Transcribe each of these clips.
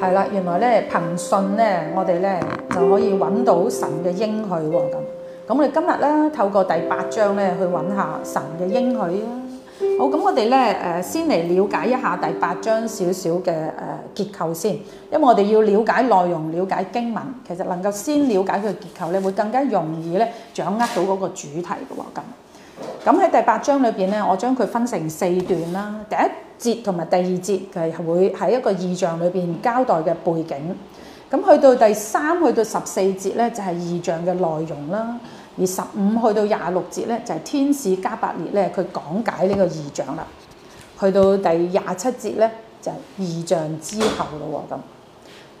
係啦，原來咧，憑信咧，我哋咧就可以揾到神嘅應許喎、哦。咁，咁我哋今日咧透過第八章咧去揾下神嘅應許啊。好，咁我哋咧誒先嚟了解一下第八章少少嘅誒結構先，因為我哋要了解內容、了解經文，其實能夠先了解佢嘅結構咧，會更加容易咧掌握到嗰個主題嘅喎、哦。咁。咁喺第八章裏邊咧，我將佢分成四段啦。第一節同埋第二節係會喺一個異象裏邊交代嘅背景。咁去到第三去到十四節咧，就係、是、異象嘅內容啦。而十五去到廿六節咧，就係、是、天使加百列咧佢講解呢個異象啦。去到第廿七節咧，就係、是、異象之後咯喎咁。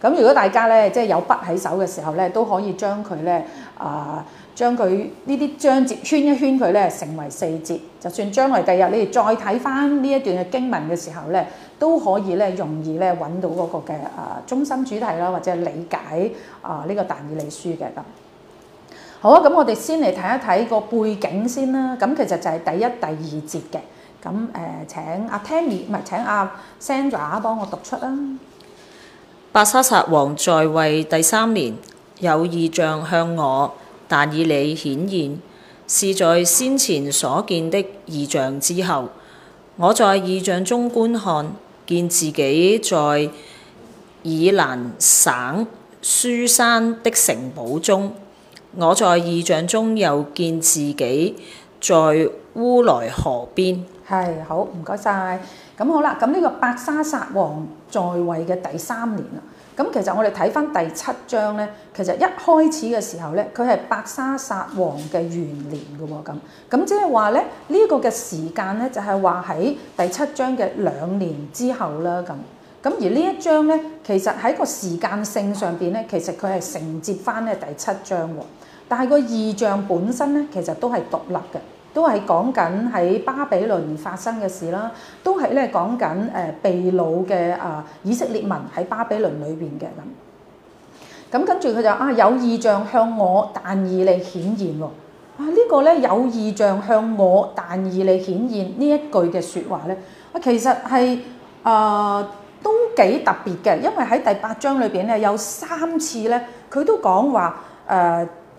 咁如果大家咧即係有筆喺手嘅時候咧，都可以將佢咧啊～、呃將佢呢啲章節圈一圈，佢咧成為四節。就算將來第二日你哋再睇翻呢一段嘅經文嘅時候咧，都可以咧容易咧揾到嗰個嘅誒中心主題啦，或者理解啊呢個但以理書嘅咁好啊。咁我哋先嚟睇一睇個背景先啦。咁其實就係第一、第二節嘅咁誒。請阿 Tammy 唔係請阿 Sandra 幫我讀出啦。伯沙撒王在位第三年，有異象向我。但以理顯現，是在先前所見的異象之後，我在異象中觀看，見自己在以蘭省書山的城堡中，我在異象中又見自己在烏來河邊。係，好唔該晒。咁好啦，咁呢個伯沙撒王在位嘅第三年啦。咁其實我哋睇翻第七章咧，其實一開始嘅時候咧，佢係伯沙撒王嘅元年嘅喎、哦，咁咁即係話咧呢、這個嘅時間咧就係話喺第七章嘅兩年之後啦，咁咁而呢一章咧，其實喺個時間性上面咧，其實佢係承接翻咧第七章，但係個意象本身咧，其實都係獨立嘅。都係講緊喺巴比倫發生嘅事啦，都係講緊被擄嘅以色列民喺巴比倫裡面嘅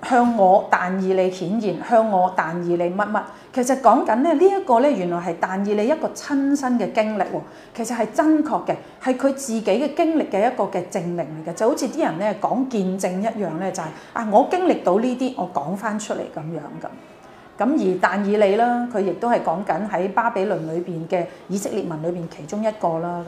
向我但以理顯現，向我但以理乜乜，其實講緊咧呢一個咧原來係但以理一個親身嘅經歷喎，其實係真確嘅，係佢自己嘅經歷嘅一個嘅證明嚟嘅，就好似啲人咧講見證一樣咧，就係啊我經歷到呢啲，我講返出嚟咁樣咁，咁而但以理啦，佢亦都係講緊喺巴比倫裏邊嘅以色列民裏邊其中一個啦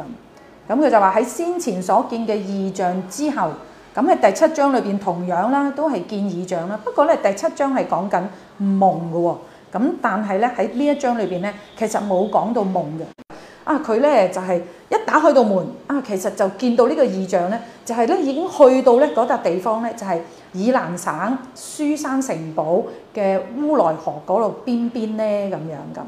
咁，咁佢就話喺先前所見嘅異象之後。咁喺第七章裏邊同樣啦，都係見異象啦。不過咧，第七章係講緊夢嘅喎。咁但係咧喺呢一章裏邊咧，其實冇講到夢嘅。啊，佢咧就係、是、一打開道門啊，其實就見到個呢個異象咧，就係、是、咧已經去到咧嗰笪地方咧，就係、是、以攔省書珊城堡嘅烏萊河嗰度邊邊咧咁樣咁。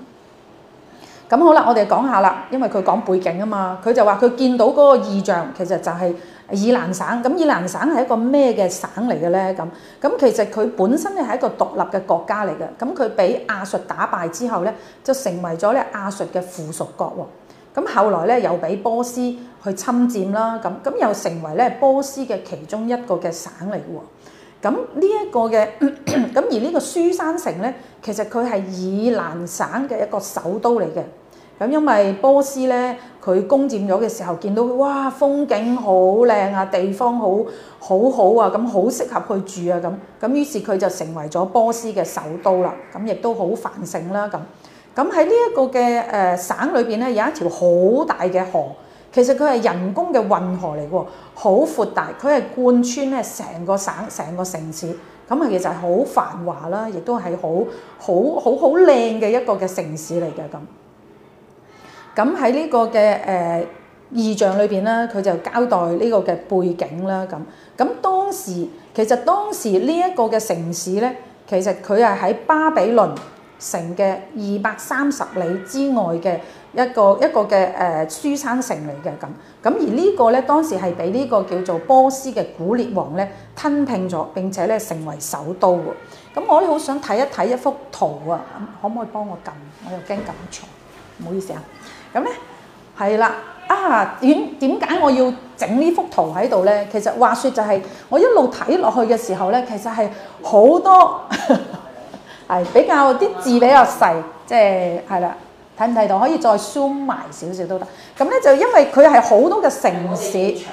咁好啦，我哋講下啦，因為佢講背景啊嘛，佢就話佢見到嗰個異象，其實就係、是。以攔省咁，以攔省係一個咩嘅省嚟嘅咧？咁咁其實佢本身咧係一個獨立嘅國家嚟嘅，咁佢俾亞述打敗之後咧，就成為咗咧亞述嘅附屬國喎。咁後來咧又俾波斯去侵佔啦，咁咁又成為咧波斯嘅其中一個嘅省嚟喎。咁呢一個嘅，咁而呢個書珊城咧，其實佢係以攔省嘅一個首都嚟嘅。咁因為波斯咧，佢攻占咗嘅時候，見到哇風景好靚啊，地方好好好啊，咁好適合去住啊，咁咁於是佢就成為咗波斯嘅首都啦。咁亦都好繁盛啦。咁咁喺呢一個嘅誒、呃、省裏邊咧，有一條好大嘅河，其實佢係人工嘅運河嚟嘅喎，好闊大，佢係貫穿咧成個省、成個城市。咁啊，其實係好繁華啦，亦都係好好好好靚嘅一個嘅城市嚟嘅咁。咁喺呢個嘅誒、呃、異象裏邊咧，佢就交代呢個嘅背景啦。咁咁當時其實當時呢一個嘅城市咧，其實佢係喺巴比倫城嘅二百三十里之外嘅一個一個嘅誒、呃、書珊城嚟嘅。咁咁而個呢個咧當時係俾呢個叫做波斯嘅古列王咧吞併咗，並且咧成為首都喎。咁我咧好想睇一睇一,一幅圖啊，可唔可以幫我撳？我又驚撳錯，唔好意思啊。咁咧，係啦，啊點點解我要整呢幅圖喺度咧？其實話說就係我一路睇落去嘅時候咧，其實係好多係 比較啲字比較細，即係係啦，睇唔睇到、嗯、可以再 zoom 埋少少都得。咁咧、嗯、就因為佢係好多嘅城市，城市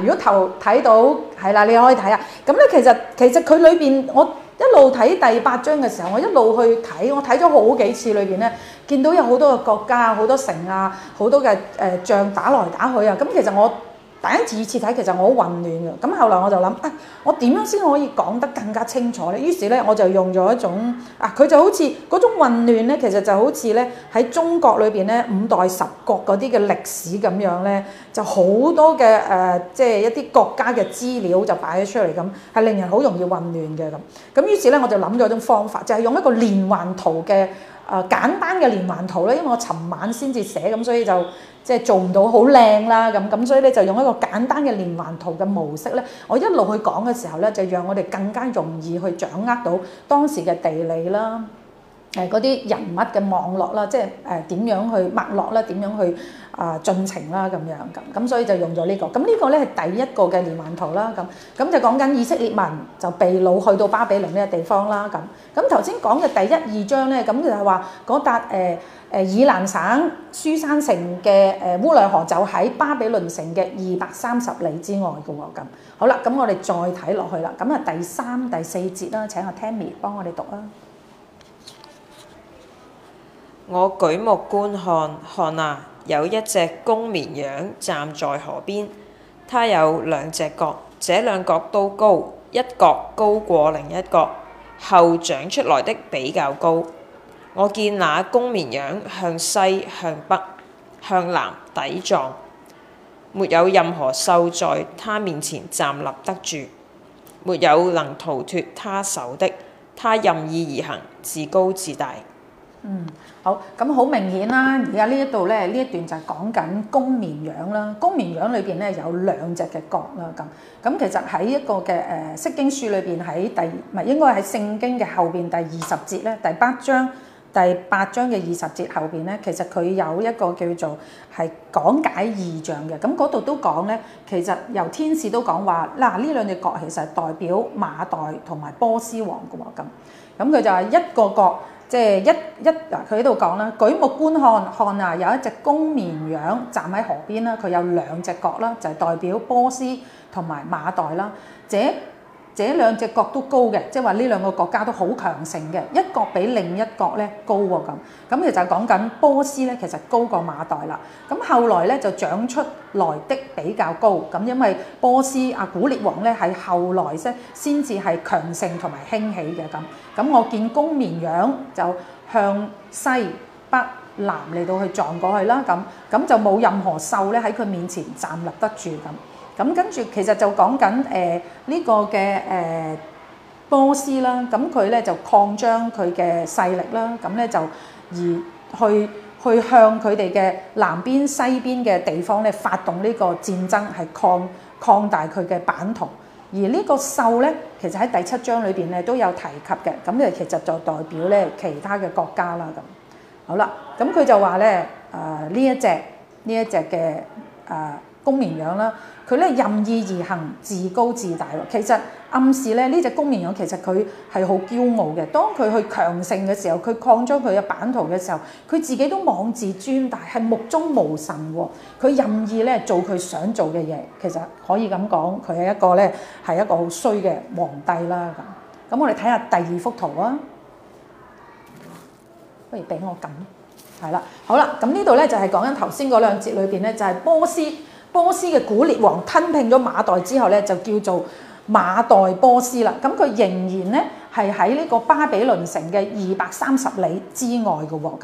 如果頭睇到係啦，你可以睇下。咁咧其實其實佢裏邊我。一路睇第八章嘅時候，我一路去睇，我睇咗好幾次裏面呢，見到有好多嘅國家啊，好多城啊，好多嘅誒仗打來打去啊，咁、嗯、其實我。第一次睇其實我好混亂㗎，咁後來我就諗啊、哎，我點樣先可以講得更加清楚咧？於是咧我就用咗一種啊，佢就好似嗰種混亂咧，其實就好似咧喺中國裏邊咧五代十國嗰啲嘅歷史咁樣咧，就好多嘅誒，即、呃、係、就是、一啲國家嘅資料就擺咗出嚟咁，係令人好容易混亂嘅咁。咁於是咧我就諗咗一種方法，就係、是、用一個連環圖嘅。誒、呃、簡單嘅連環圖咧，因為我尋晚先至寫咁，所以就即係做唔到好靚啦。咁咁所以咧就用一個簡單嘅連環圖嘅模式咧，我一路去講嘅時候咧，就讓我哋更加容易去掌握到當時嘅地理啦。誒，嗰啲人物嘅網絡啦，即係誒點樣去脈絡啦，點樣去啊進程啦，咁樣咁咁，所以就用咗呢個。咁呢個咧係第一個嘅連環圖啦。咁咁就講緊以色列文，就被擄去到巴比倫呢個地方啦。咁咁頭先講嘅第一二章咧，咁就係話講達誒以攔省書珊城嘅誒烏萊河就喺巴比倫城嘅二百三十里之外嘅。咁好啦，咁我哋再睇落去啦。咁啊第三第四節啦，請阿 Tammy 幫我哋讀啦。我舉目觀看，看啊，有一隻公綿羊站在河邊，它有兩隻角，這兩角都高，一角高過另一角，後長出來的比較高。我見那公綿羊向西、向北、向南抵撞，沒有任何獸在它面前站立得住，沒有能逃脫它手的，它任意而行，自高自大。嗯，好，咁好明顯啦，而家呢一度咧，呢一段就係講緊公綿羊啦。公綿羊裏邊咧有兩隻嘅角啦，咁咁其實喺一個嘅誒《釋經書》裡面裏邊喺第唔係應該喺《聖經》嘅後邊第二十節咧，第八章第八章嘅二十節後邊咧，其實佢有一個叫做係講解異象嘅。咁嗰度都講咧，其實由天使都講話，嗱、啊、呢兩隻角其實係代表馬代同埋波斯王嘅喎咁。咁佢就係一個角。即係一一，佢喺度講啦，舉目觀看，看啊，有一隻公綿羊站喺河邊啦，佢有兩隻角啦，就係代表波斯同埋馬代啦，這。這兩隻角都高嘅，即係話呢兩個國家都好強盛嘅，一角比另一角咧高喎咁。咁其實係講緊波斯咧，其實,其實高過馬代啦。咁後來咧就長出來的比較高，咁因為波斯啊古列王咧係後來先至係強盛同埋興起嘅咁。咁我見公綿羊就向西北南嚟到去撞過去啦咁，咁就冇任何獸咧喺佢面前站立得住咁。咁跟住，其實就講緊誒呢個嘅誒、呃、波斯啦，咁佢咧就擴張佢嘅勢力啦，咁咧就而去去向佢哋嘅南邊、西邊嘅地方咧發動呢個戰爭，係擴擴大佢嘅版圖。而個呢個獸咧，其實喺第七章裏邊咧都有提及嘅，咁咧其實就代表咧其他嘅國家啦。咁好啦，咁佢就話咧誒呢、呃、一隻呢一隻嘅誒。呃公綿羊啦，佢咧任意而行，自高自大。其實暗示咧呢隻公綿羊，其實佢係好驕傲嘅。當佢去強盛嘅時候，佢擴張佢嘅版圖嘅時候，佢自己都妄自尊大，係目中無神喎。佢任意咧做佢想做嘅嘢，其實可以咁講，佢係一個咧係一個好衰嘅皇帝啦。咁，咁我哋睇下第二幅圖啊，不如俾我咁，係啦，好啦，咁呢度咧就係講緊頭先嗰兩節裏邊咧就係波斯。波斯嘅古列王吞併咗馬代之後呢，就叫做馬代波斯啦。咁佢仍然咧係喺呢個巴比倫城嘅二百三十里之外嘅喎、哦。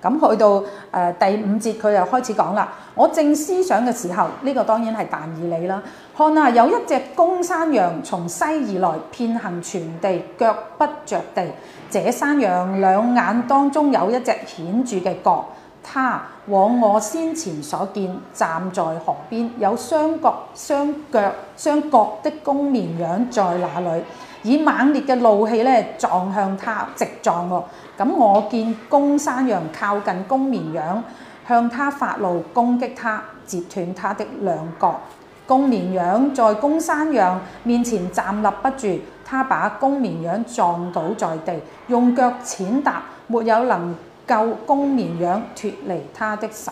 咁去到、呃、第五節，佢又開始講啦。我正思想嘅時候，呢、這個當然係但以理啦。看啊，有一隻公山羊從西而來，遍行全地，腳不着地。這山羊兩眼當中有一隻顯著嘅角。他往我先前所見，站在河邊，有雙角雙腳雙角的公綿羊在那裏，以猛烈嘅怒氣咧撞向他，直撞喎、哦。咁我見公山羊靠近公綿羊，向他發怒攻擊他，截斷他的兩角。公綿羊在公山羊面前站立不住，他把公綿羊撞倒在地，用腳踐踏，沒有能救公綿羊脫離他的手，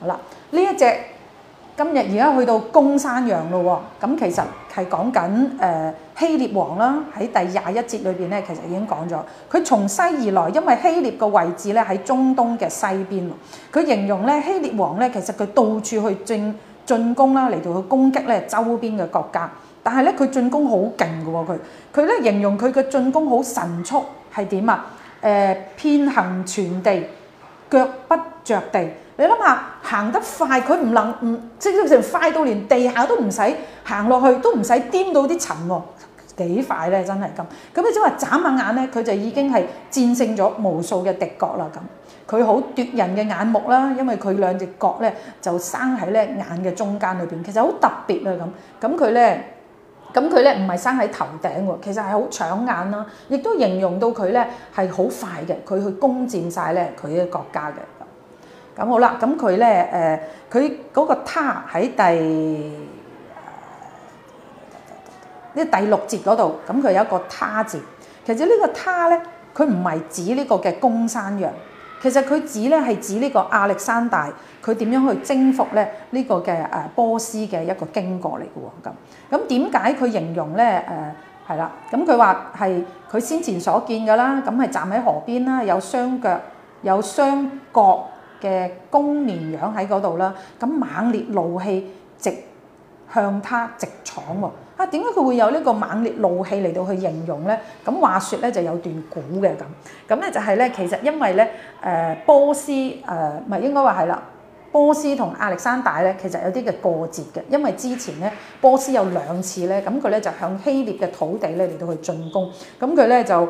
好啦，呢一隻今日而家去到公山羊咯，哦，咁其實係講緊誒希臘王啦，喺第廿一節裏邊咧，其實已經講咗，佢從西而來，因為希臘個位置咧喺中東嘅西邊，佢形容咧希臘王咧，其實佢到處去進進攻啦，嚟到去攻擊咧周邊嘅國家，但係咧佢進攻好勁㗎喎，佢佢咧形容佢嘅進攻好神速，係點啊？誒、呃、偏行全地，腳不着地。你諗下，行得快佢唔能唔即係成快到連地下都唔使行落去，都唔使掂到啲塵喎，幾快咧！真係咁。咁、嗯、你只話眨下眼咧，佢就已經係戰勝咗無數嘅敵國啦。咁佢好奪人嘅眼目啦，因為佢兩隻角咧就生喺咧眼嘅中間裏邊，其實好特別啊。咁咁佢咧。嗯咁佢咧唔係生喺頭頂喎，其實係好搶眼啦，亦都形容到佢咧係好快嘅，佢去攻佔晒咧佢嘅國家嘅。咁好啦，咁佢咧誒，佢、呃、嗰個他喺第呢、呃、第六節嗰度，咁佢有一個他字，其實呢個他咧，佢唔係指呢個嘅公山羊。其實佢指咧係指呢個亞歷山大佢點樣去征服咧呢個嘅誒波斯嘅一個經過嚟㗎喎，咁，咁點解佢形容咧誒，係啦，咁佢話係佢先前所見㗎啦，咁係站喺河邊啦有雙腳有雙角嘅公綿羊喺嗰度啦咁猛烈怒氣直向他直闖喎。啊，點解佢會有呢個猛烈怒氣嚟到去形容咧？咁話説咧就有段古嘅咁，咁咧就係咧其實因為咧誒波斯誒唔係應該話係啦，波斯同亞歷山大咧其實有啲嘅過節嘅，因為之前咧波斯有兩次咧，咁佢咧就向希臘嘅土地咧嚟到去進攻，咁佢咧就誒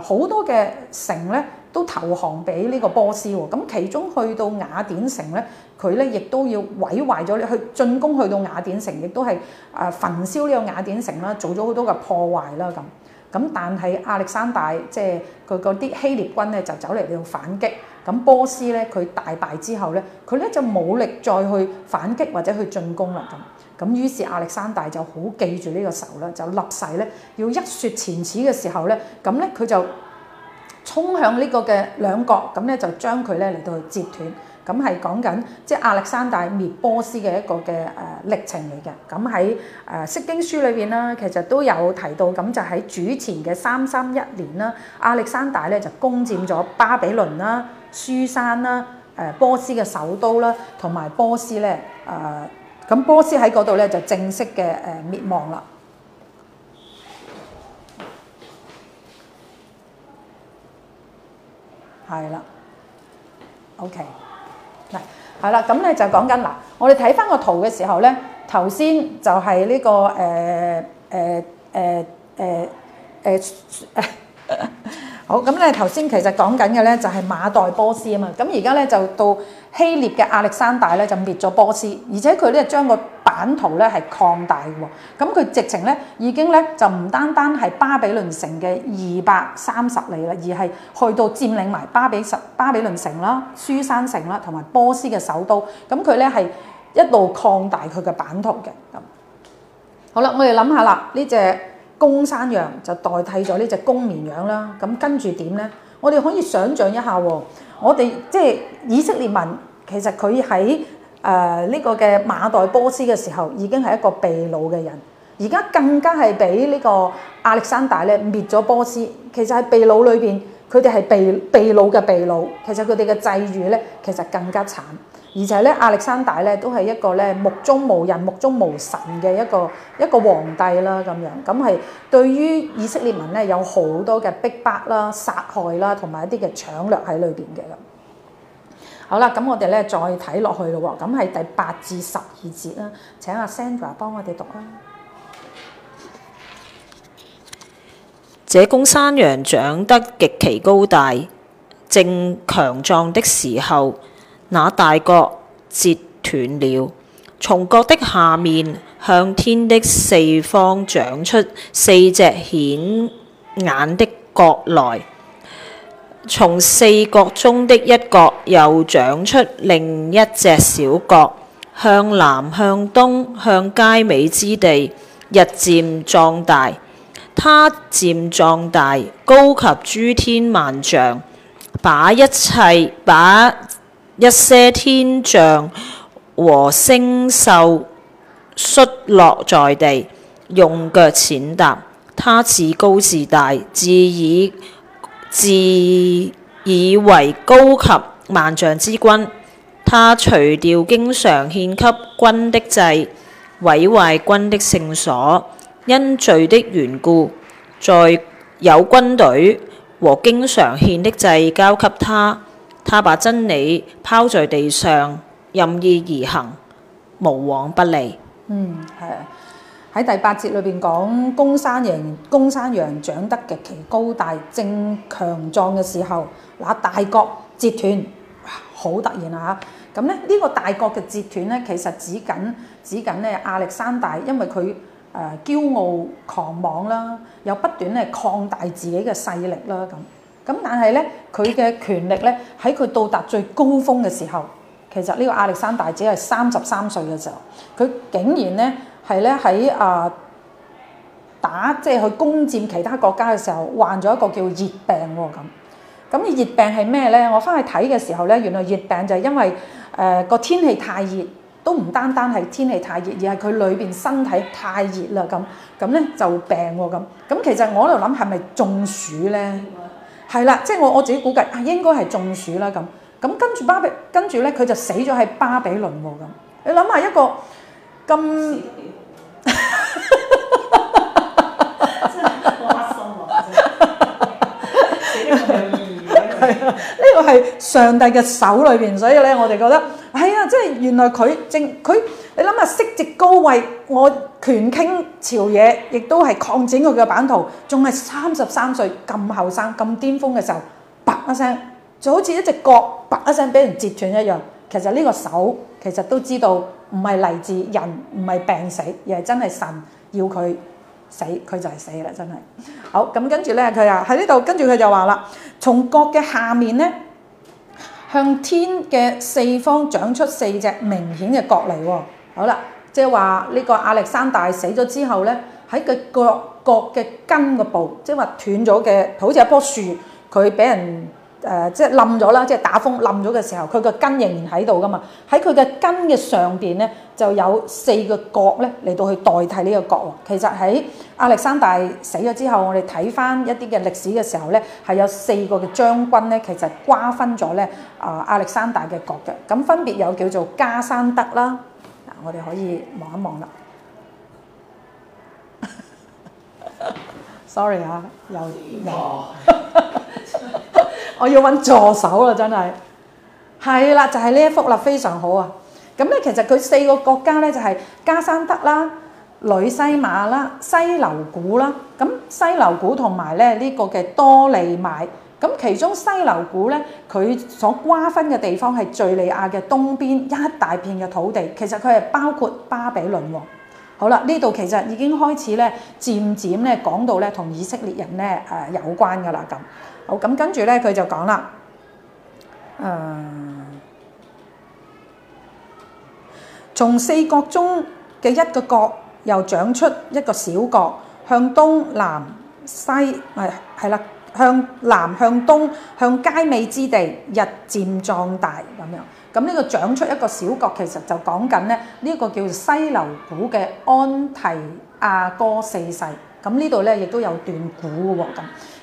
好、呃、多嘅城咧。都投降俾呢個波斯喎，咁其中去到雅典城咧，佢咧亦都要毀壞咗你去進攻去到雅典城，亦都係啊焚燒呢個雅典城啦，做咗好多嘅破壞啦咁。咁但係亞歷山大即係佢嗰啲希臘軍咧就走嚟度反擊，咁波斯咧佢大敗之後咧，佢咧就冇力再去反擊或者去進攻啦咁。咁於是亞歷山大就好記住呢個仇啦，就立誓咧要一雪前恥嘅時候咧，咁咧佢就。衝向呢個嘅兩國，咁咧就將佢咧嚟到去截斷，咁係講緊即係亞歷山大滅波斯嘅一個嘅誒歷程嚟嘅。咁喺誒《釋、呃、經書》裏邊啦，其實都有提到，咁就喺主前嘅三三一年啦，亞歷山大咧就攻佔咗巴比倫啦、書珊啦、誒、呃、波斯嘅首都啦，同埋波斯咧誒，咁、呃、波斯喺嗰度咧就正式嘅誒滅亡啦。係啦，OK，嗱，係啦，咁咧就講緊嗱，我哋睇翻個圖嘅時候咧，頭先就係呢個誒誒誒誒誒，好，咁咧頭先其實講緊嘅咧就係馬代波斯啊嘛，咁而家咧就到。希臘嘅亞歷山大咧就滅咗波斯，而且佢咧將個版圖咧係擴大嘅喎。咁佢直情咧已經咧就唔單單係巴比倫城嘅二百三十里啦，而係去到佔領埋巴比十、巴比倫城啦、書珊城啦，同埋波斯嘅首都。咁佢咧係一路擴大佢嘅版圖嘅。咁好啦，我哋諗下啦，呢隻公山羊就代替咗呢隻公綿羊啦。咁跟住點咧？我哋可以想像一下喎，我哋即係以色列民，其實佢喺誒呢個嘅馬代波斯嘅時候，已經係一個被擄嘅人，而家更加係俾呢個亞歷山大咧滅咗波斯，其實喺被擄裏邊，佢哋係被被擄嘅被擄，其實佢哋嘅際遇咧，其實更加慘。而且咧，亞歷山大咧都係一個咧目中無人、目中無神嘅一個一個皇帝啦，咁樣咁係對於以色列民咧有好多嘅逼迫啦、殺害啦，同埋一啲嘅搶掠喺裏邊嘅咁。好啦，咁我哋咧再睇落去咯喎，咁係第八至十二節啦。請阿 Sandra 幫我哋讀啦。這公山羊長得極其高大，正強壯的時候。那大角折斷了，從角的下面向天的四方長出四隻顯眼的角來。從四角中的一角又長出另一隻小角，向南、向東、向街尾之地日漸壯大。它漸壯大，高及諸天萬象，把一切把。一些天象和星宿摔落在地，用腳踐踏他，自高自大，自以自以為高及萬象之君。他除掉經常獻給君的祭，毀壞君的聖所，因罪的緣故，在有軍隊和經常獻的祭交給他。他把真理拋在地上，任意而行，無往不利。嗯，係喺第八節裏邊講公山羊，公山羊長得極其高大，正強壯嘅時候，那大角折斷，好突然啊！咁咧呢、這個大角嘅折斷咧，其實指緊指緊咧亞歷山大，因為佢誒、呃、驕傲狂妄啦，又不斷咧擴大自己嘅勢力啦咁。咁但係咧，佢嘅權力咧喺佢到達最高峰嘅時候，其實呢個亞歷山大即係三十三歲嘅時候，佢竟然咧係咧喺啊打即係去攻佔其他國家嘅時候，患咗一個叫熱病喎、哦、咁。咁、嗯、熱病係咩咧？我翻去睇嘅時候咧，原來熱病就係因為誒個、呃、天氣太熱，都唔單單係天氣太熱，而係佢裏邊身體太熱啦咁。咁咧就病喎、哦、咁。咁、嗯、其實我喺度諗係咪中暑咧？係啦，即係我我自己估計，啊，應該係中暑啦咁，咁跟住巴比，跟住咧佢就死咗喺巴比倫喎咁。你諗下一個咁。呢個係上帝嘅手裏邊，所以咧我哋覺得係啊、哎，即係原來佢正佢，你諗下，身居高位，我權傾朝野，亦都係擴展佢嘅版圖，仲係三十三歲咁後生咁巔峰嘅時候，叭一聲，就好似一隻角叭一聲俾人截斷一樣。其實呢個手其實都知道，唔係嚟自人，唔係病死，而係真係神要佢。死佢就係死啦，真係好。咁跟住咧，佢啊喺呢度跟住佢就話啦，從角嘅下面咧向天嘅四方長出四隻明顯嘅角嚟喎、哦。好啦，即係話呢個亞歷山大死咗之後咧，喺佢角角嘅根個部，即係話斷咗嘅，好似一樖樹佢俾人。誒即係冧咗啦，即係打風冧咗嘅時候，佢個根仍然喺度噶嘛。喺佢嘅根嘅上邊咧，就有四個角咧嚟到去代替呢個角喎。其實喺亞歷山大死咗之後，我哋睇翻一啲嘅歷史嘅時候咧，係有四個嘅將軍咧，其實瓜分咗咧亞歷山大嘅角嘅。咁分別有叫做加山德啦，嗱我哋可以望一望啦。Sorry 啊，又。我要搵助手啦，真係係啦，就係呢一幅啦，非常好啊。咁咧，其實佢四個國家咧就係加山德啦、呂西馬啦、西流古啦。咁西流古同埋咧呢個嘅多利買。咁其中西流古咧，佢所瓜分嘅地方係敍利亞嘅東邊一大片嘅土地，其實佢係包括巴比倫喎。好啦，呢度其實已經開始咧，漸漸咧講到咧同以色列人咧誒有關㗎啦咁。好咁，跟住咧，佢就講啦，誒、嗯，從四角中嘅一個角又長出一個小角，向東南西，唔係，係啦，向南向東向街尾之地日漸壯大咁樣。咁呢、這個長出一個小角，其實就講緊咧，呢、這、一個叫做西流古嘅安提阿哥四世。咁呢度咧，亦都有段古喎咁。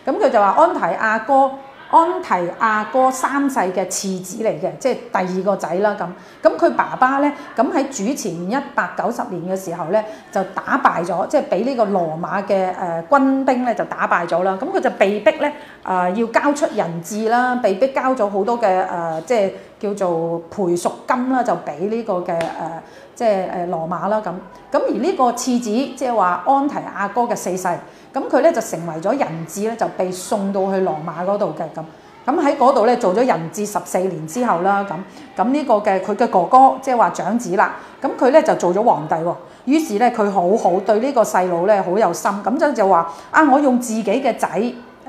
咁佢就話安提阿哥，安提阿哥三世嘅次子嚟嘅，即係第二個仔啦。咁，咁佢爸爸咧，咁喺主前一百九十年嘅時候咧，就打敗咗，即係俾呢個羅馬嘅誒、呃、軍兵咧就打敗咗啦。咁佢就被逼咧。啊、呃，要交出人質啦，被逼交咗好多嘅誒、呃，即係叫做賠贖金啦，就俾呢個嘅誒、呃，即係誒羅馬啦咁。咁而呢個次子，即係話安提阿哥嘅四世，咁佢咧就成為咗人質咧，就被送到去羅馬嗰度嘅咁。咁喺嗰度咧做咗人質十四年之後啦咁，咁呢個嘅佢嘅哥哥，即係話長子啦，咁佢咧就做咗皇帝喎。於是咧佢好好對呢個細佬咧好有心，咁就就話啊，我用自己嘅仔。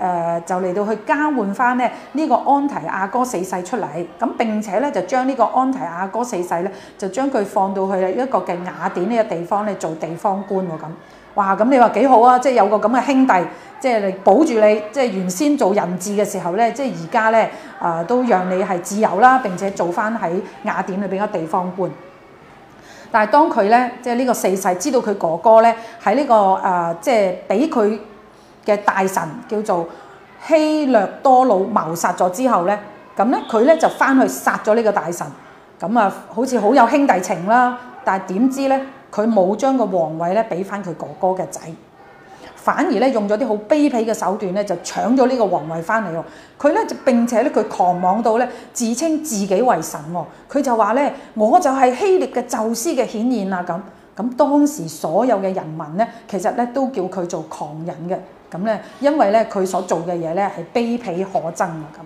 誒、呃、就嚟到去交換翻咧呢、這個安提阿哥四世出嚟，咁、啊、並且咧就將呢個安提阿哥四世咧就將佢放到去一個嘅雅典呢個地方咧做地方官喎咁，哇咁你話幾好啊？即係有個咁嘅兄弟，即係你保住你，即係原先做人質嘅時候咧，即係而家咧啊都讓你係自由啦，並且做翻喺雅典裏邊嘅地方官。但係當佢咧即係呢個四世知道佢哥哥咧喺呢、這個啊、呃、即係俾佢。嘅大臣叫做希略多魯謀殺咗之後咧，咁咧佢咧就翻去殺咗呢個大臣。咁啊好似好有兄弟情啦。但係點知咧，佢冇將個皇位咧俾翻佢哥哥嘅仔，反而咧用咗啲好卑鄙嘅手段咧就搶咗呢個皇位翻嚟喎。佢咧就並且咧佢狂妄到咧，自稱自己為神喎、哦。佢就話咧，我就係希臘嘅宙斯嘅顯現啊！咁咁當時所有嘅人民咧，其實咧都叫佢做狂人嘅。咁咧，因為咧佢所做嘅嘢咧係卑鄙可憎啊！咁，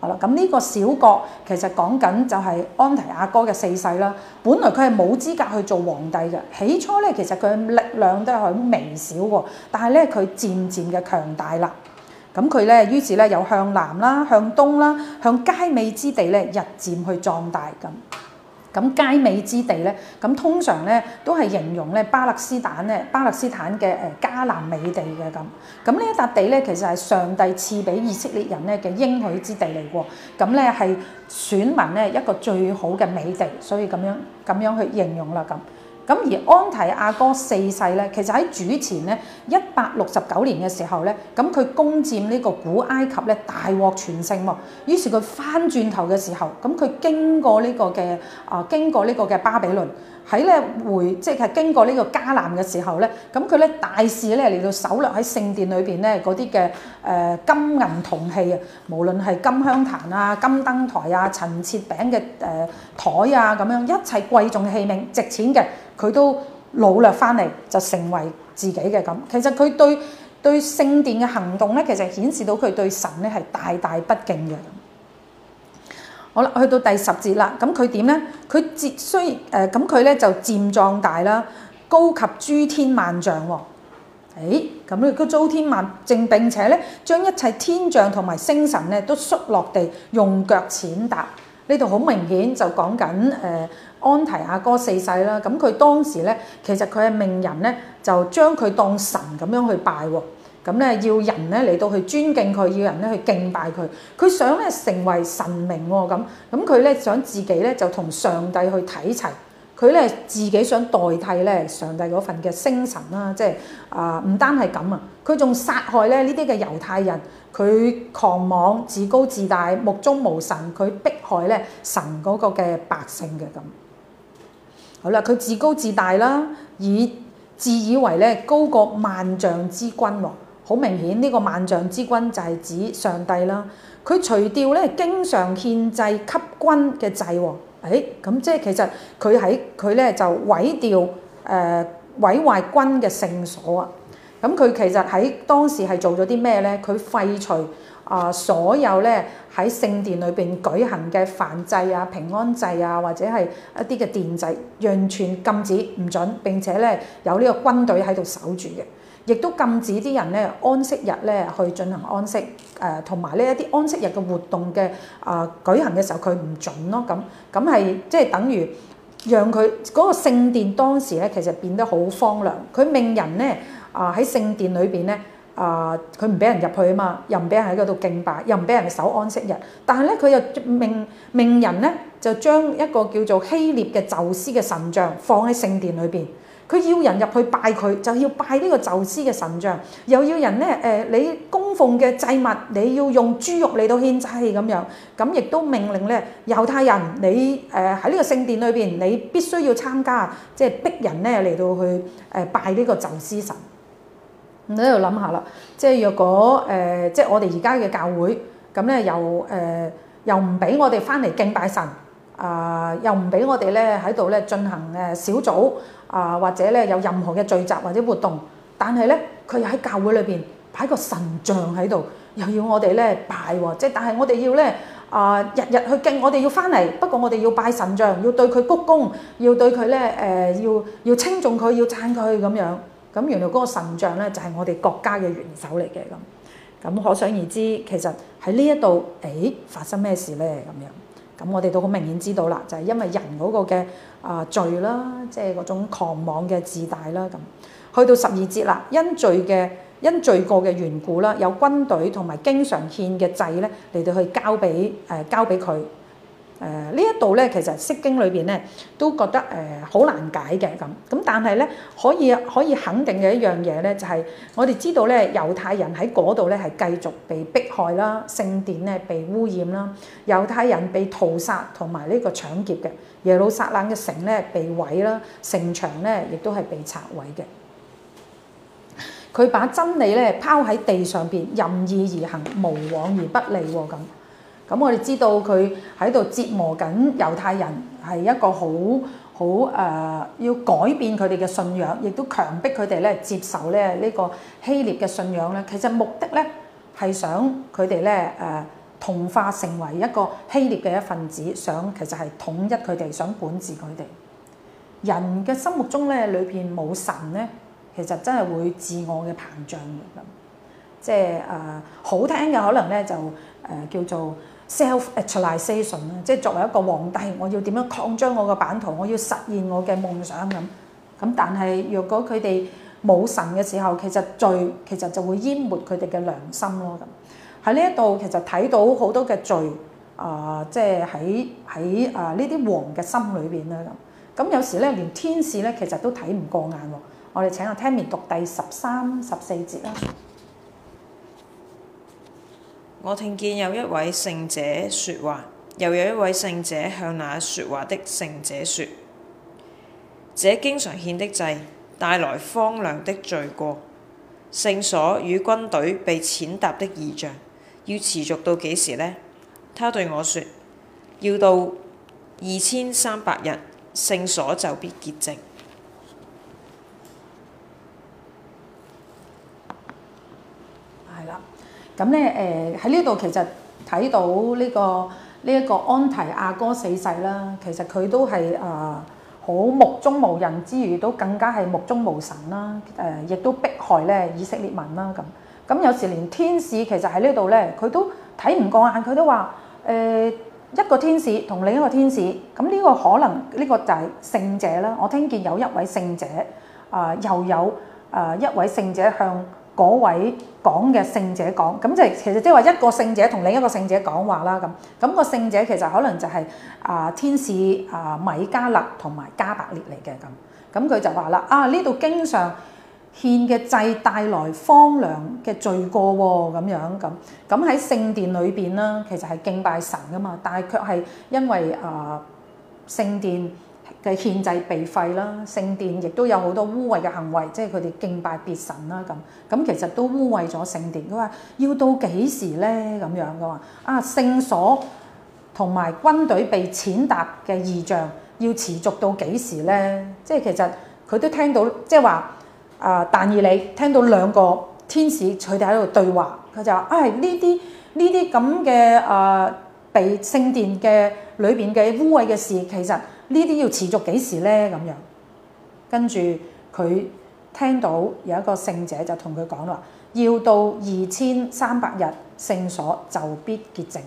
好啦，咁呢個小國其實講緊就係安提阿哥嘅四世啦。本來佢係冇資格去做皇帝嘅，起初咧其實佢力量都係好微小喎，但係咧佢漸漸嘅強大啦。咁佢咧，於是咧有向南啦、向東啦、向佳美之地咧，日漸去壯大咁。咁佳美之地咧，咁通常咧都係形容咧巴勒斯坦咧，巴勒斯坦嘅誒迦南美地嘅咁。咁呢一笪地咧，其實係上帝賜俾以色列人咧嘅應許之地嚟喎。咁咧係選民咧一個最好嘅美地，所以咁樣咁樣去形容啦咁。咁而安提阿哥四世咧，其實喺主前咧一百六十九年嘅時候咧，咁佢攻佔呢個古埃及咧大獲全勝喎。於是佢翻轉頭嘅時候，咁佢經過呢、這個嘅啊，經過呢個嘅巴比倫。喺咧回即係經過呢個迦南嘅時候咧，咁佢咧大肆咧嚟到搜掠喺聖殿裏邊咧嗰啲嘅誒金銀銅器啊，無論係金香壇啊、金燈台啊、陳設餅嘅誒台啊咁樣一切貴重器皿值錢嘅，佢都擄掠翻嚟就成為自己嘅咁。其實佢對對聖殿嘅行動咧，其實顯示到佢對神咧係大大不敬嘅。好啦，去到第十節啦，咁佢點咧？佢漸雖誒，咁佢咧就漸壯大啦，高及諸天萬象，哦。誒，咁咧都諸天萬正並且咧，將一切天象同埋星神咧都縮落地，用腳踐踏。呢度好明顯就講緊誒安提阿哥四世啦。咁、嗯、佢當時咧，其實佢係命人咧，就將佢當神咁樣去拜，哦。咁咧要人咧嚟到去尊敬佢，要人咧去敬拜佢。佢想咧成為神明喎、哦，咁咁佢咧想自己咧就同上帝去睇齊。佢咧自己想代替咧上帝嗰份嘅星神啦、啊，即係啊唔單係咁啊，佢仲殺害咧呢啲嘅猶太人。佢狂妄、自高自大、目中無神，佢迫害咧神嗰個嘅百姓嘅咁。好啦，佢自高自大啦，以自以為咧高過萬丈之君王。好明顯，呢、這個「萬象之君」就係指上帝啦。佢除掉咧，經常獻祭給君嘅祭誒、哦、咁、哎、即係其實佢喺佢咧就毀掉誒毀壞君嘅聖所啊。咁佢其實喺當時係做咗啲咩咧？佢廢除啊、呃、所有咧喺聖殿裏邊舉行嘅燔祭、啊、平安祭，啊，或者係一啲嘅奠祭，完全禁止唔準，並且咧有呢個軍隊喺度守住嘅。亦都禁止啲人咧安息日咧去進行安息，誒同埋咧一啲安息日嘅活動嘅啊舉行嘅時候佢唔準咯。咁咁係即係等於讓佢嗰個聖殿當時咧其實變得好荒涼。佢命人咧啊喺聖殿裏邊咧啊，佢唔俾人入去啊嘛，又唔俾人喺嗰度敬拜，又唔俾人守安息日。但係咧佢又命命人咧就將一個叫做希臘嘅宙斯嘅神像放喺聖殿裏邊。佢要人入去拜佢，就要拜呢個宙斯嘅神像，又要人咧誒、呃，你供奉嘅祭物，你要用豬肉嚟到獻祭咁樣，咁亦都命令咧猶太人，你誒喺呢個聖殿裏邊，你必須要參加，即係逼人咧嚟到去誒、呃、拜呢個宙斯神。你喺度諗下啦，即係若果誒、呃，即係我哋而家嘅教會，咁咧又誒、呃、又唔俾我哋返嚟敬拜神，啊、呃、又唔俾我哋咧喺度咧進行誒小組。啊，或者咧有任何嘅聚集或者活動，但係咧佢又喺教會裏邊擺個神像喺度，又要我哋咧拜喎，即係但係我哋要咧啊日日去敬，我哋要翻嚟，不過我哋要拜神像，要對佢鞠躬，要對佢咧誒要要稱重佢，要讚佢咁樣，咁原來嗰個神像咧就係我哋國家嘅元首嚟嘅咁，咁可想而知，其實喺呢一度誒發生咩事咧咁樣。咁我哋都好明顯知道啦，就係、是、因為人嗰個嘅啊、呃、罪啦，即係嗰種狂妄嘅自大啦，咁去到十二節啦，因罪嘅因罪過嘅緣故啦，有軍隊同埋經常獻嘅祭咧嚟到去交俾誒、呃、交俾佢。誒呢一度咧，其實《釋經》裏邊咧都覺得誒好難解嘅咁。咁但係咧，可以可以肯定嘅一樣嘢咧，就係我哋知道咧，猶太人喺嗰度咧係繼續被迫害啦，聖殿咧被污染啦，猶太人被屠殺同埋呢個搶劫嘅耶路撒冷嘅城咧被毀啦，城牆咧亦都係被拆毀嘅。佢把真理咧拋喺地上邊，任意而行，無往而不利喎咁。咁、嗯、我哋知道佢喺度折磨緊猶太人，係一個好好誒，要改變佢哋嘅信仰，亦都強迫佢哋咧接受咧呢、這個希臘嘅信仰咧。其實目的咧係想佢哋咧誒同化成為一個希臘嘅一份子，想其實係統一佢哋，想管治佢哋。人嘅心目中咧裏邊冇神咧，其實真係會自我嘅膨脹咁，即係誒、呃、好聽嘅可能咧就誒、呃、叫做。Self-actualization，即係作為一個皇帝，我要點樣擴張我個版圖，我要實現我嘅夢想咁。咁但係若果佢哋冇神嘅時候，其實罪其實就會淹沒佢哋嘅良心咯。咁喺呢一度其實睇到好多嘅罪啊，即係喺喺啊呢啲王嘅心裏邊啦。咁咁有時咧，連天使咧其實都睇唔過眼喎。我哋請阿 Tammy 讀第十三、十四節啦。我聽見有一位聖者説話，又有一位聖者向那説話的聖者說：「這經常獻的祭帶來荒涼的罪過，聖所與軍隊被踐踏的異象，要持續到幾時呢？他對我說：「要到二千三百日，聖所就必潔淨。咁咧誒喺呢度其實睇到呢個呢一個安提阿哥四世啦，其實佢都係啊好目中無人之餘，都更加係目中無神啦，誒亦都迫害咧以色列民啦咁。咁有時連天使其實喺呢度咧，佢都睇唔過眼，佢都話誒一個天使同另一個天使，咁呢個可能呢個就係聖者啦。我聽見有一位聖者啊，又有啊一位聖者向嗰位講嘅聖者講，咁即係其實即係話一個聖者同另一個聖者講話啦，咁咁、個聖者其實可能就係、是、啊、呃、天使、呃、米加加啊米迦勒同埋加百列嚟嘅咁，咁佢就話啦啊呢度經常獻嘅祭帶來荒涼嘅罪過喎，哦，咁樣咁咁喺聖殿裏邊啦，其實係敬拜神噶嘛，但係卻係因為啊、呃、聖殿。係獻祭被廢啦，聖殿亦都有好多污穢嘅行為，即係佢哋敬拜別神啦咁咁，其實都污穢咗聖殿。佢話要到幾時咧？咁樣嘅話啊，聖所同埋軍隊被踐踏嘅異象要持續到幾時咧？即係其實佢都聽到，即係話啊，但以理你聽到兩個天使佢哋喺度對話，佢就話啊，呢啲呢啲咁嘅啊被聖殿嘅裏邊嘅污穢嘅事，其實。呢啲要持續幾時呢？咁樣，跟住佢聽到有一個聖者就同佢講話，要到二千三百日聖所就必潔淨。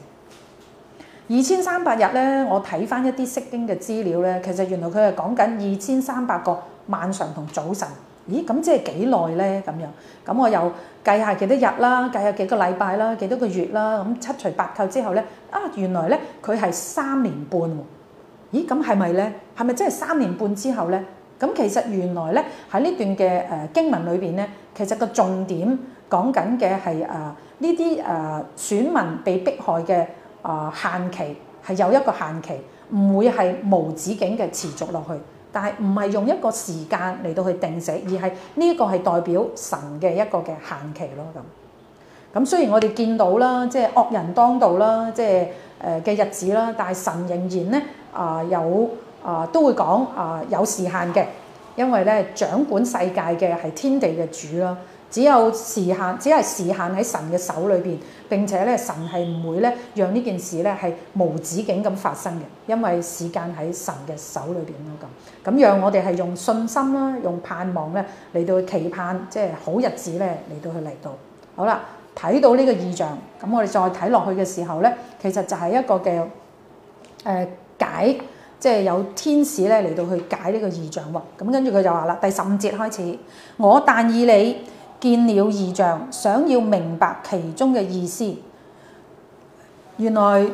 二千三百日呢，我睇翻一啲釋經嘅資料呢，其實原來佢係講緊二千三百個晚上同早晨。咦，咁即係幾耐呢？咁樣，咁我又計下幾多日啦，計下幾個禮拜啦，幾多個月啦，咁七除八扣之後呢，啊，原來呢，佢係三年半。咦？咁係咪咧？係咪真係三年半之後咧？咁其實原來咧，喺呢段嘅誒經文裏邊咧，其實個重點講緊嘅係誒呢啲誒選民被迫害嘅誒限期係有一個限期，唔會係無止境嘅持續落去。但係唔係用一個時間嚟到去定死，而係呢個係代表神嘅一個嘅限期咯。咁咁雖然我哋見到啦，即係惡人當道啦，即係誒嘅日子啦，但係神仍然咧。啊有啊都會講啊有時限嘅。因為咧掌管世界嘅係天地嘅主啦，只有時限，只係時限喺神嘅手裏邊。並且咧，神係唔會咧讓呢件事咧係無止境咁發生嘅，因為時間喺神嘅手裏邊咯。咁咁讓我哋係用信心啦，用盼望咧嚟到期盼，即係好日子咧嚟到去嚟到。好啦，睇到呢個異象，咁我哋再睇落去嘅時候咧，其實就係一個嘅誒。呃解即係有天使咧嚟到去解呢個異象喎，咁跟住佢就話啦，第十五節開始，我但以理見了異象，想要明白其中嘅意思。原來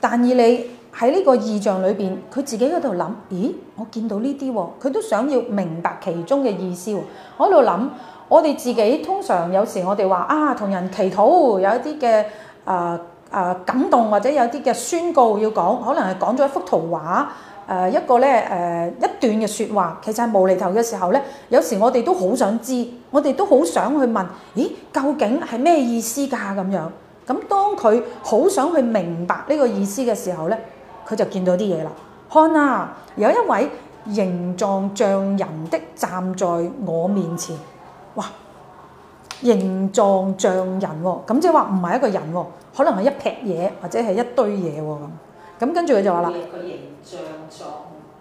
但以理喺呢個異象裏邊，佢自己喺度諗，咦，我見到呢啲，佢都想要明白其中嘅意思。我喺度諗，我哋自己通常有時我哋話啊，同人祈禱，有一啲嘅啊。呃誒、呃、感動或者有啲嘅宣告要講，可能係講咗一幅圖畫，誒、呃、一個咧誒、呃、一段嘅説話，其實係無厘頭嘅時候咧，有時我哋都好想知，我哋都好想去問，咦，究竟係咩意思㗎咁樣？咁當佢好想去明白呢個意思嘅時候咧，佢就見到啲嘢啦。看啊，有一位形狀像人的站在我面前，哇！形狀像人喎，咁即係話唔係一個人喎，可能係一劈嘢或者係一堆嘢喎咁。咁跟住佢就話啦，個形狀像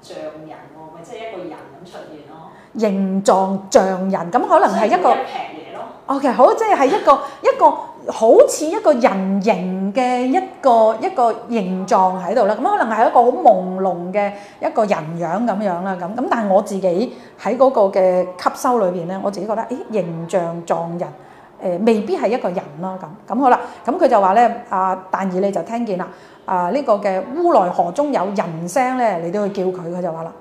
像人喎，咪即係一個人咁出現咯。形狀像人咁，可能係一個一劈嘢咯。哦，okay，其實好即係係一個 一個好似一個人形。嘅一個一個形狀喺度啦，咁可能係一個好朦朧嘅一個人樣咁樣啦，咁咁但係我自己喺嗰個嘅吸收裏邊咧，我自己覺得，誒形狀像人，誒未必係一個人咯，咁咁好啦，咁佢就話咧，阿但爾你就聽見啦，啊呢個嘅烏萊河中有人聲咧，你都會叫佢，佢就話啦，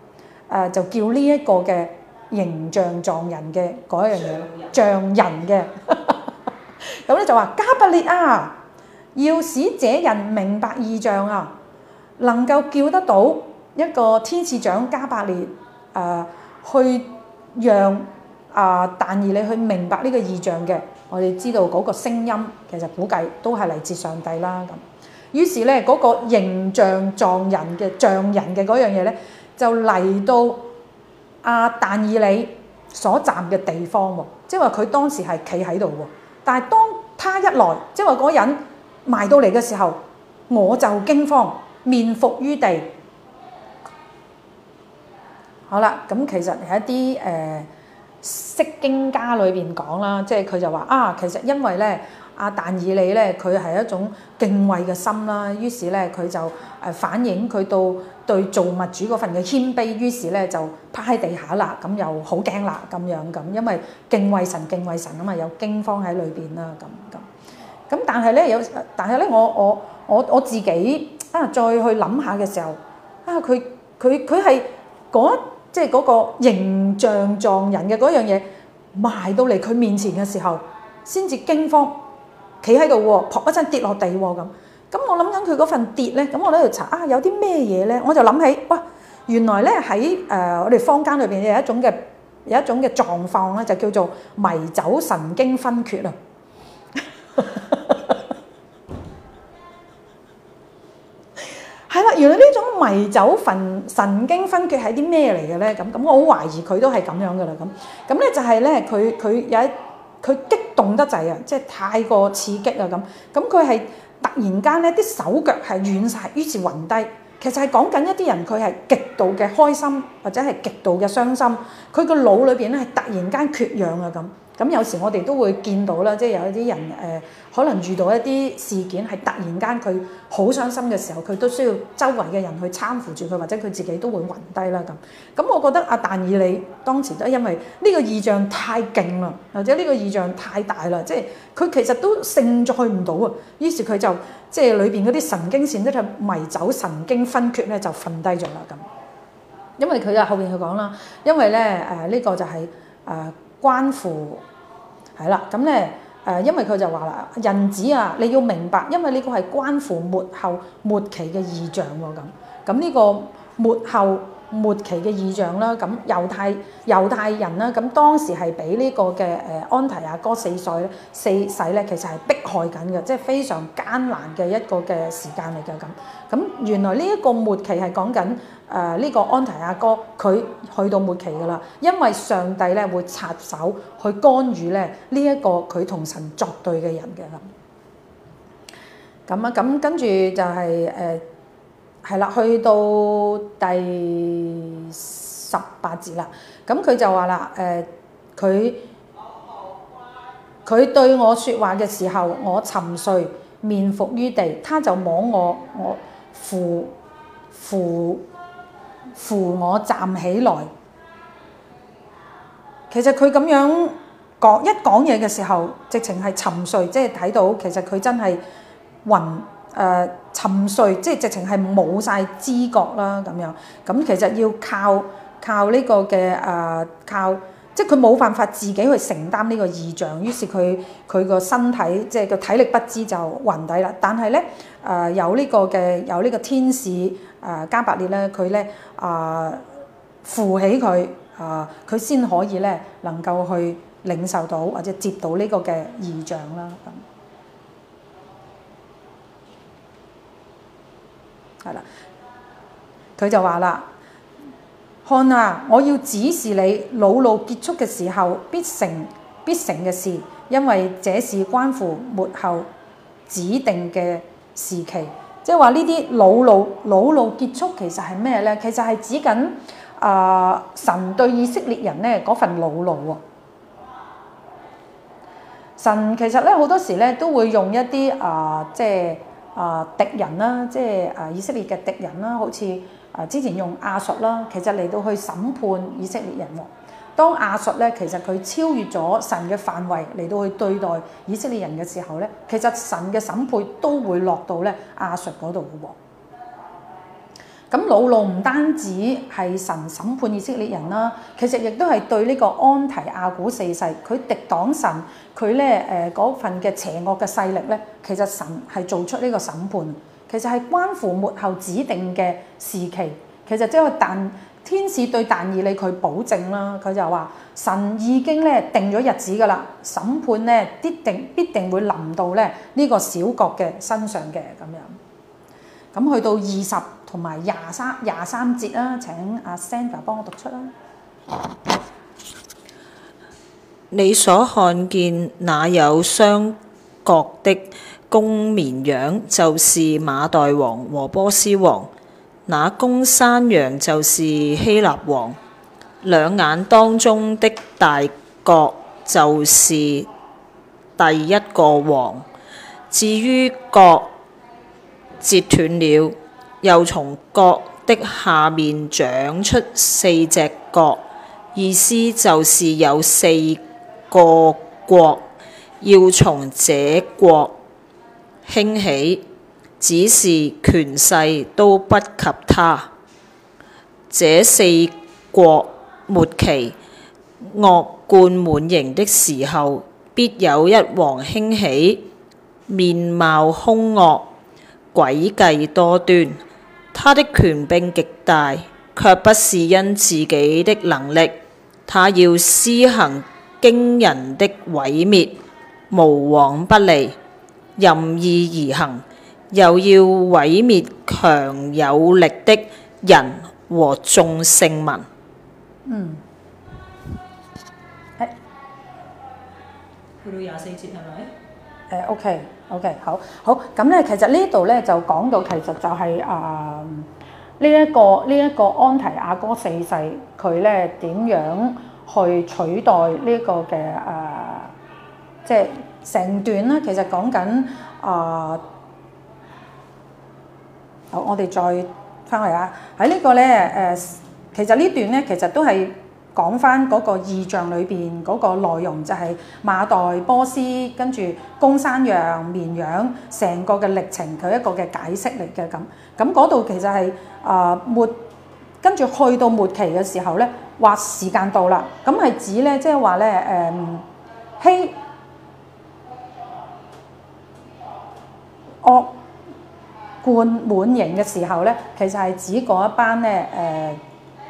誒就叫呢一個嘅形狀像人嘅嗰一樣嘢，像人嘅，咁咧就話加百列啊！要使這人明白異象啊，能夠叫得到一個天使長加百列誒去讓啊、呃、但以理去明白呢個異象嘅，我哋知道嗰個聲音其實估計都係嚟自上帝啦。咁於是咧嗰、那個形象撞人嘅像人嘅嗰樣嘢咧，就嚟到阿、啊、但以理所站嘅地方，即係話佢當時係企喺度喎。但係當他一來，即係話嗰人，埋到嚟嘅時候，我就驚慌，面伏於地。好啦，咁其實喺一啲誒釋經家裏邊講啦，即係佢就話啊，其實因為咧，阿但以理咧，佢係一種敬畏嘅心啦，於是咧佢就誒反映佢到對造物主嗰份嘅謙卑，於是咧就趴喺地下啦，咁又好驚啦，咁樣咁，因為敬畏神、敬畏神啊嘛，有驚慌喺裏邊啦，咁咁。咁但係咧，有但係咧，我我我我自己啊，再去諗下嘅時候啊，佢佢佢係嗰即係嗰個形象撞人嘅嗰樣嘢埋到嚟佢面前嘅時候，先至驚慌，企喺度喎，噗一陣跌落地喎咁。咁我諗緊佢嗰份跌咧，咁我喺度查啊，有啲咩嘢咧？我就諗起哇，原來咧喺誒我哋坊間裏邊有一種嘅有一種嘅狀況咧，就叫做迷走神經分厥啊。原來呢種迷走神經分泌係啲咩嚟嘅咧？咁咁我好懷疑佢都係咁樣噶啦。咁咁咧就係咧，佢佢有一佢激動得滯啊，即係太過刺激啊。咁咁佢係突然間咧，啲手腳係軟晒，於是暈低。其實係講緊一啲人佢係極度嘅開心，或者係極度嘅傷心。佢個腦裏邊咧係突然間缺氧啊。咁咁有時我哋都會見到啦，即係有一啲人誒。呃可能遇到一啲事件係突然間佢好傷心嘅時候，佢都需要周圍嘅人去攙扶住佢，或者佢自己都會暈低啦咁。咁我覺得阿但以理當時都因為呢個異象太勁啦，或者呢個異象太大啦，即係佢其實都承載唔到啊。於是佢就即係裏邊嗰啲神經線都係迷走神經昏厥咧，就瞓低咗啦咁。因為佢啊後邊佢講啦，因為咧誒呢、呃這個就係、是、誒、呃、關乎係啦，咁咧。因為佢就話啦，人子啊，你要明白，因為呢個係關乎末後末期嘅異象喎、啊，咁，咁、這、呢個末後。末期嘅異象啦，咁猶太猶太人啦，咁當時係俾呢個嘅誒安提阿哥四世咧四世咧，其實係迫害緊嘅，即係非常艱難嘅一個嘅時間嚟嘅咁。咁原來呢一個末期係講緊誒呢個安提阿哥佢去到末期㗎喇，因為上帝咧會插手去干預咧呢一個佢同神作對嘅人嘅咁。咁啊，咁跟住就係誒。係啦，去到第十八節啦，咁、嗯、佢就話啦，誒、呃，佢佢對我說話嘅時候，我沉睡，面伏於地，他就摸我，我扶扶扶我站起來。其實佢咁樣講一講嘢嘅時候，直情係沉睡，即係睇到其實佢真係暈誒。呃沉睡即係直情係冇晒知覺，啦咁樣，咁其實要靠靠呢個嘅，誒靠，即係佢冇辦法自己去承擔呢個異象，於是佢佢個身體即係個體力不支就暈底啦。但係咧誒有呢個嘅有呢個天使誒、呃、加百列咧，佢咧誒扶起佢誒，佢、呃、先可以咧能夠去領受到或者接到呢個嘅異象啦，咁。係啦，佢就話啦：「看啊，我要指示你惱怒結束嘅時候必成必成嘅事，因為這是關乎末後指定嘅時期。即係話呢啲惱怒惱怒結束其實係咩咧？其實係指緊啊、呃、神對以色列人咧嗰份惱怒啊！神其實咧好多時咧都會用一啲啊、呃、即係。啊！敵人啦，即係啊！以色列嘅敵人啦，好似啊之前用亞述啦，其實嚟到去審判以色列人喎。當亞述咧，其實佢超越咗神嘅範圍嚟到去對待以色列人嘅時候咧，其實神嘅審判都會落到咧亞述嗰度嘅喎。咁老路唔單止係神審判以色列人啦，其實亦都係對呢個安提阿古四世，佢敵擋神，佢咧誒嗰份嘅邪惡嘅勢力咧，其實神係做出呢個審判，其實係關乎末後指定嘅時期，其實即係但天使對但以理佢保證啦，佢就話神已經咧定咗日子㗎啦，審判咧必定必定會臨到咧呢個小角嘅身上嘅咁樣。咁去到二十同埋廿三廿三節啦，請阿 Sandy 幫我讀出啦。你所看見那有雙角的公綿羊，就是馬代王和波斯王；那公山羊就是希臘王。兩眼當中的大角就是第一個王。至於角，折斷了，又從角的下面長出四隻角，意思就是有四個國要從這國興起，只是權勢都不及他。這四國末期惡貫滿盈的時候，必有一王興起，面貌兇惡。詭計多端，他的權柄極大，却不是因自己的能力。他要施行驚人的毀滅，無往不利，任意而行，又要毀滅強有力的人和眾聖民。嗯，係、uh,，廿四節聽到 OK，好好咁咧，其實呢度咧就講到其實就係啊呢一個呢一個安提阿哥四世佢咧點樣去取代呢個嘅誒，即係成段啦。其實講緊啊，好，我哋再翻嚟啊。喺呢個咧誒，其實呢段咧其實都係。講返嗰個意象裏邊嗰個內容，就係馬代波斯跟住公山羊、綿羊成個嘅歷程，佢一個嘅解釋嚟嘅咁。咁嗰度其實係啊末跟住去到末期嘅時候咧，話時間到啦。咁係指咧，即係話咧誒欺惡貫滿盈嘅時候咧，其實係指嗰一班咧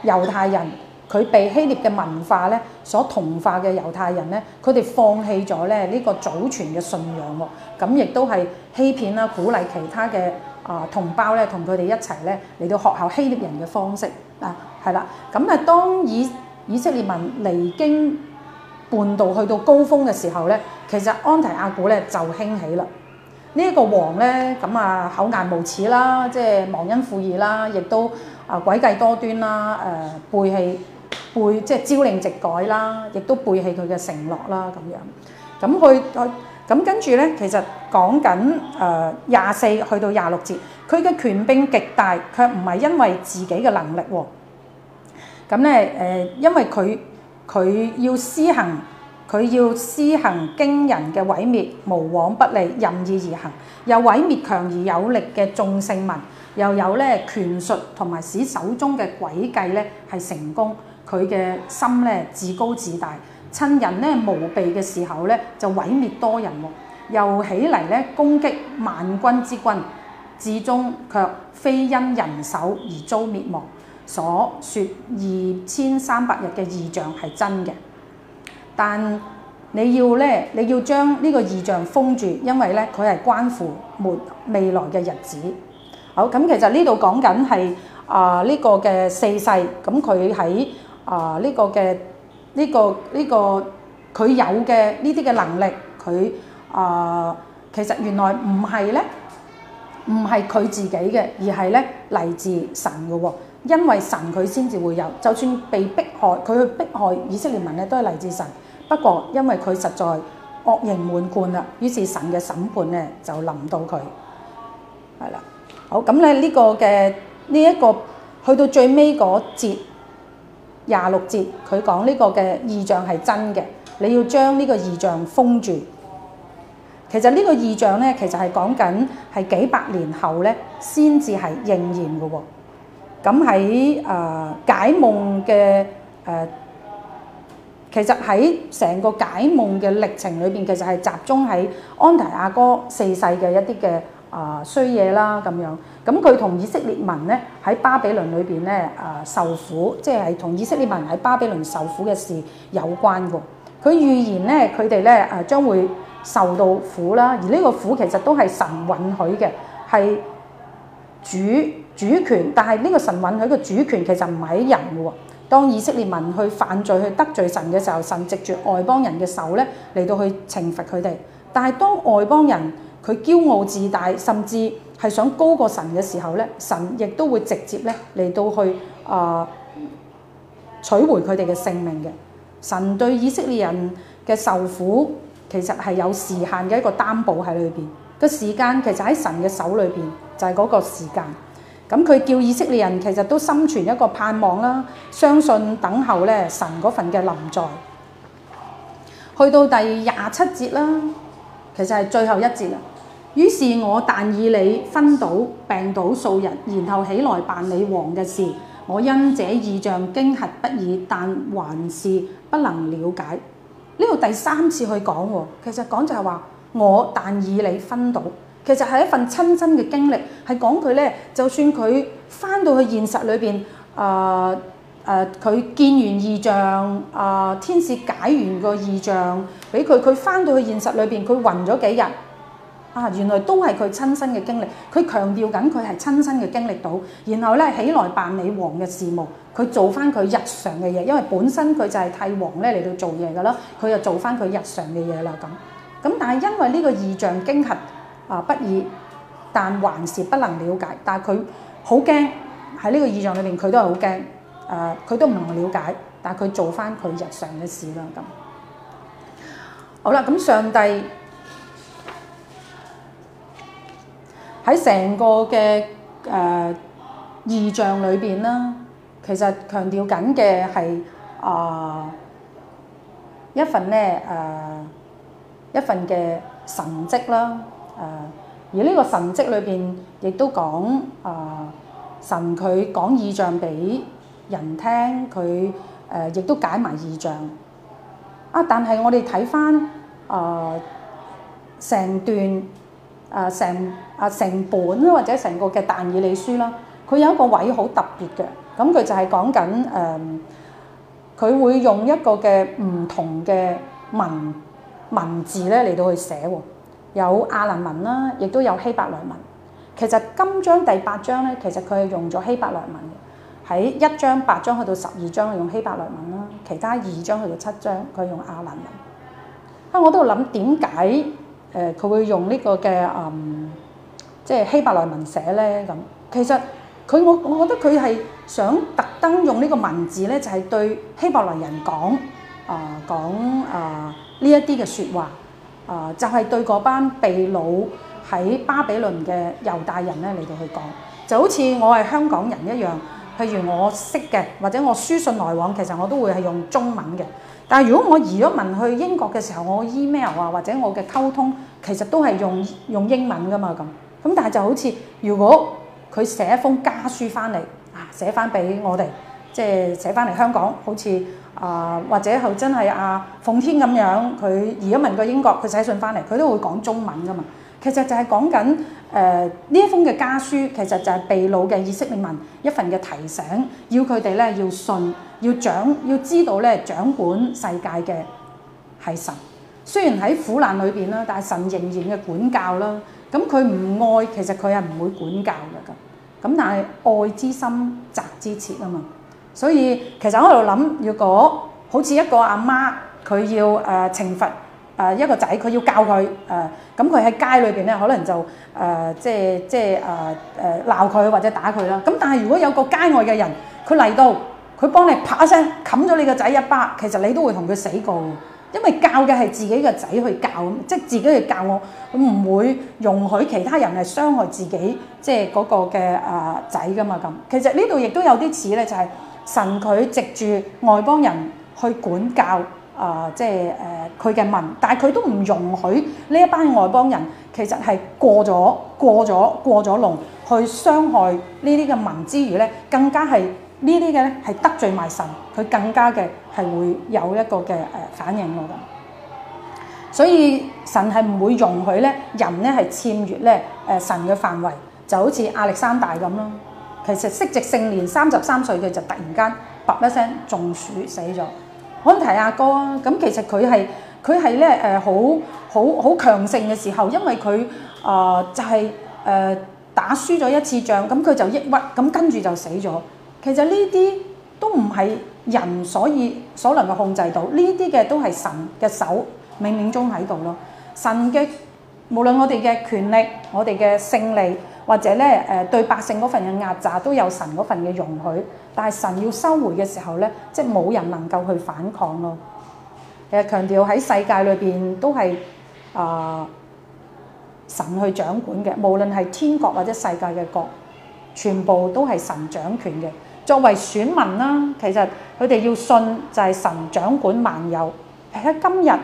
誒猶太人。佢被希臘嘅文化咧所同化嘅猶太人咧，佢哋放棄咗咧呢個祖傳嘅信仰喎，咁亦都係欺騙啦，鼓勵其他嘅啊同胞咧同佢哋一齊咧嚟到學效希臘人嘅方式啊，係啦，咁啊當以以色列民離經叛道去到高峰嘅時候咧，其實安提阿古咧就興起啦，呢一個王咧咁啊厚顏無恥啦，即係忘恩負義啦，亦都啊詭計多端啦，誒背棄。背即係朝令夕改啦，亦都背棄佢嘅承諾啦，咁樣咁佢佢咁跟住咧，其實講緊誒廿四去到廿六節，佢嘅權柄極大，卻唔係因為自己嘅能力喎。咁咧誒，因為佢佢要施行，佢要施行驚人嘅毀滅，無往不利，任意而行，又毀滅強而有力嘅眾聖民，又有咧權術同埋使手中嘅詭計咧係成功。佢嘅心咧自高自大，親人咧無備嘅時候咧就毀滅多人喎，又起嚟咧攻擊萬軍之君，至終卻非因人手而遭滅亡。所説二千三百日嘅異象係真嘅，但你要咧你要將呢個異象封住，因為咧佢係關乎沒未來嘅日子。好咁，嗯，其實呢度講緊係啊呢個嘅四世，咁佢喺。啊！呢個嘅呢個呢個，佢有嘅呢啲嘅能力，佢啊，其實原來唔係咧，唔係佢自己嘅，而係咧嚟自神嘅喎。因為神佢先至會有，就算被迫害佢去迫害以色列民咧，都係嚟自神。不過因為佢實在惡行滿貫啦，於是神嘅審判咧就臨到佢，係啦。好咁咧，呢個嘅呢一個去到最尾嗰節。廿六節，佢講呢個嘅異象係真嘅，你要將呢個異象封住。其實呢個異象呢，其實係講緊係幾百年後呢，先至係應驗嘅喎。咁喺誒解夢嘅誒，其實喺成個解夢嘅歷程裏邊，其實係集中喺安提亞哥四世嘅一啲嘅啊衰嘢啦，咁樣。咁佢同以色列民咧喺巴比倫裏邊咧啊受苦，即係同以色列民喺巴比倫受苦嘅事有關喎。佢預言咧，佢哋咧啊將會受到苦啦。而呢個苦其實都係神允許嘅，係主主權。但係呢個神允許嘅主權其實唔係喺人嘅喎。當以色列民去犯罪去得罪神嘅時候，神藉住外邦人嘅手咧嚟到去懲罰佢哋。但係當外邦人佢驕傲自大，甚至係想高過神嘅時候咧，神亦都會直接咧嚟到去啊取回佢哋嘅性命嘅。神對以色列人嘅受苦，其實係有時限嘅一個擔保喺裏邊。時間裏面就是、個時間其實喺神嘅手裏邊，就係嗰個時間。咁佢叫以色列人其實都心存一個盼望啦，相信等候咧神嗰份嘅臨在。去到第二十七節啦，其實係最後一節啦。於是，我但以理昏倒病倒數日，然後起來辦理王嘅事。我因這異象驚嚇不已，但還是不能了解。呢度第三次去講，其實講就係話我但以理昏倒，其實係一份親身嘅經歷，係講佢呢，就算佢翻到去現實裏邊，啊、呃、啊，佢、呃、見完異象，啊、呃、天使解完個異象俾佢，佢翻到去現實裏邊，佢暈咗幾日。啊，原來都係佢親身嘅經歷，佢強調緊佢係親身嘅經歷到，然後咧起來辦理王嘅事務，佢做翻佢日常嘅嘢，因為本身佢就係替王咧嚟到做嘢㗎啦，佢就做翻佢日常嘅嘢啦咁。咁但係因為呢個異象驚駭啊不已，但還是不能了解，但係佢好驚喺呢個異象裏邊，佢、呃、都係好驚，誒佢都唔能了解，但係佢做翻佢日常嘅事啦咁。好啦，咁上帝。喺成個嘅誒異象裏邊啦，其實強調緊嘅係啊一份咧誒一份嘅神蹟啦誒，而呢個神蹟裏邊亦都講啊神佢講異象俾人聽，佢誒亦都解埋異象啊！但係我哋睇返誒成段。誒成誒成本或者成個嘅但以理書啦，佢有一個位好特別嘅，咁佢就係講緊誒，佢、呃、會用一個嘅唔同嘅文文字咧嚟到去寫喎，有亞蘭文啦，亦都有希伯來文。其實今章第八章咧，其實佢係用咗希伯來文嘅，喺一章、八章去到十二章用希伯來文啦，其他二章去到七章佢用亞蘭文。啊，我都諗點解？誒佢、呃、會用呢個嘅誒、嗯，即係希伯來文寫咧咁。其實佢我我覺得佢係想特登用呢個文字咧，就係、是、對希伯來人講啊講啊呢一啲嘅説話啊、呃，就係、是、對嗰班被擄喺巴比倫嘅猶大人咧嚟到去講，就好似我係香港人一樣。譬如我識嘅或者我書信來往，其實我都會係用中文嘅。但係如果我移咗民去英國嘅時候，我 email 啊或者我嘅溝通其實都係用用英文噶嘛，咁，咁但係就好似如果佢寫一封家書翻嚟啊，寫翻俾我哋，即係寫翻嚟香港，好似啊、呃、或者後真係阿奉天咁樣，佢移咗民去英國，佢寫信翻嚟，佢都會講中文噶嘛。其實就係講緊誒呢一封嘅家書，其實就係被擄嘅以色列人一份嘅提醒，要佢哋咧要信。要掌要知道咧，掌管世界嘅係神。雖然喺苦難裏邊啦，但係神仍然嘅管教啦。咁佢唔愛，其實佢係唔會管教嘅咁。但係愛之深，責之切啊嘛。所以其實我喺度諗，如果好似一個阿媽，佢要誒、呃、懲罰誒一個仔，佢要教佢誒，咁佢喺街裏邊咧，可能就誒、呃、即係即係誒誒鬧佢或者打佢啦。咁但係如果有個街外嘅人，佢嚟到。佢幫你啪一聲冚咗你個仔一巴，其實你都會同佢死過嘅，因為教嘅係自己嘅仔去教，即係自己去教我，佢唔會容許其他人係傷害自己，即係嗰個嘅啊仔噶嘛咁。其實呢度亦都有啲似咧，就係、是、神佢藉住外邦人去管教啊、呃，即係誒佢嘅民，但係佢都唔容許呢一班外邦人其實係過咗過咗過咗龍去傷害呢啲嘅民之餘咧，更加係。呢啲嘅咧係得罪埋神，佢更加嘅係會有一個嘅誒反應咯。咁所以神係唔會容許咧人咧係僭越咧誒神嘅範圍，就好似亞歷山大咁咯。其實惜籍盛年三十三歲嘅就突然間叭一聲中暑死咗。安提阿哥啊，咁其實佢係佢係咧誒好好好強盛嘅時候，因為佢啊就係誒打輸咗一次仗，咁佢就抑鬱，咁跟住就死咗。其實呢啲都唔係人所以所能夠控制到，呢啲嘅都係神嘅手冥冥中喺度咯。神嘅無論我哋嘅權力、我哋嘅勝利，或者咧誒、呃、對百姓嗰份嘅壓榨，都有神嗰份嘅容許。但係神要收回嘅時候咧，即係冇人能夠去反抗咯。其實強調喺世界裏邊都係啊、呃、神去掌管嘅，無論係天國或者世界嘅國，全部都係神掌權嘅。作為選民啦，其實佢哋要信就係神掌管萬有，喺今日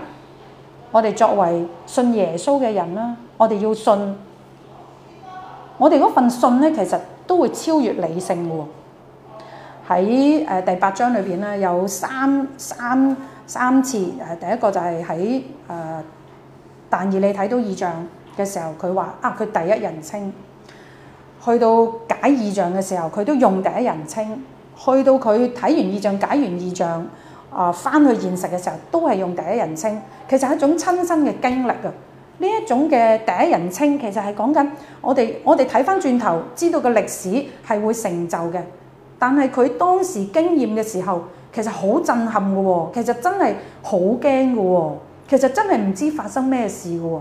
去到解意象嘅時候，佢都用第一人稱；去到佢睇完意象、解完意象，啊、呃，翻去現實嘅時候，都係用第一人稱。其實係一種親身嘅經歷㗎。呢一種嘅第一人稱，其實係講緊我哋，我哋睇翻轉頭，知道個歷史係會成就嘅。但係佢當時經驗嘅時候，其實好震撼㗎喎，其實真係好驚㗎喎，其實真係唔知發生咩事㗎喎。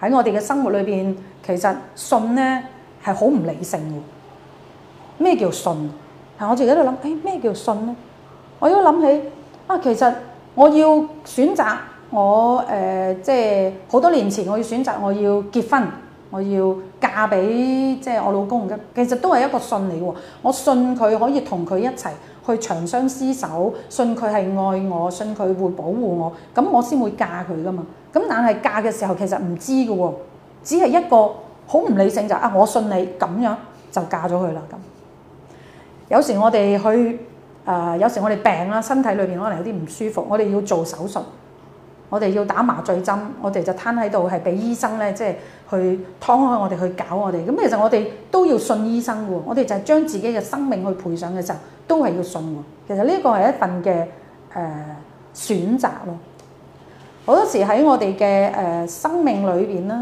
喺我哋嘅生活裏邊，其實信咧係好唔理性嘅。咩叫信？但我自己喺度諗，哎，咩叫信咧？我而家諗起啊，其實我要選擇我誒，即係好多年前我要選擇我要結婚。我要嫁俾即係我老公嘅，其實都係一個信你喎。我信佢可以同佢一齊去長相廝守，信佢係愛我，信佢會保護我，咁我先會嫁佢㗎嘛。咁但係嫁嘅時候其實唔知㗎喎，只係一個好唔理性就啊，我信你咁樣就嫁咗佢啦咁。有時我哋去啊，有時我哋病啦，身體裏邊可能有啲唔舒服，我哋要做手術。我哋要打麻醉針，我哋就攤喺度，係俾醫生咧，即係去劏開我哋去搞我哋。咁其實我哋都要信醫生喎，我哋就係將自己嘅生命去賠上嘅時候，都係要信喎。其實呢一個係一份嘅誒選擇咯。好多時喺我哋嘅誒生命裏邊啦，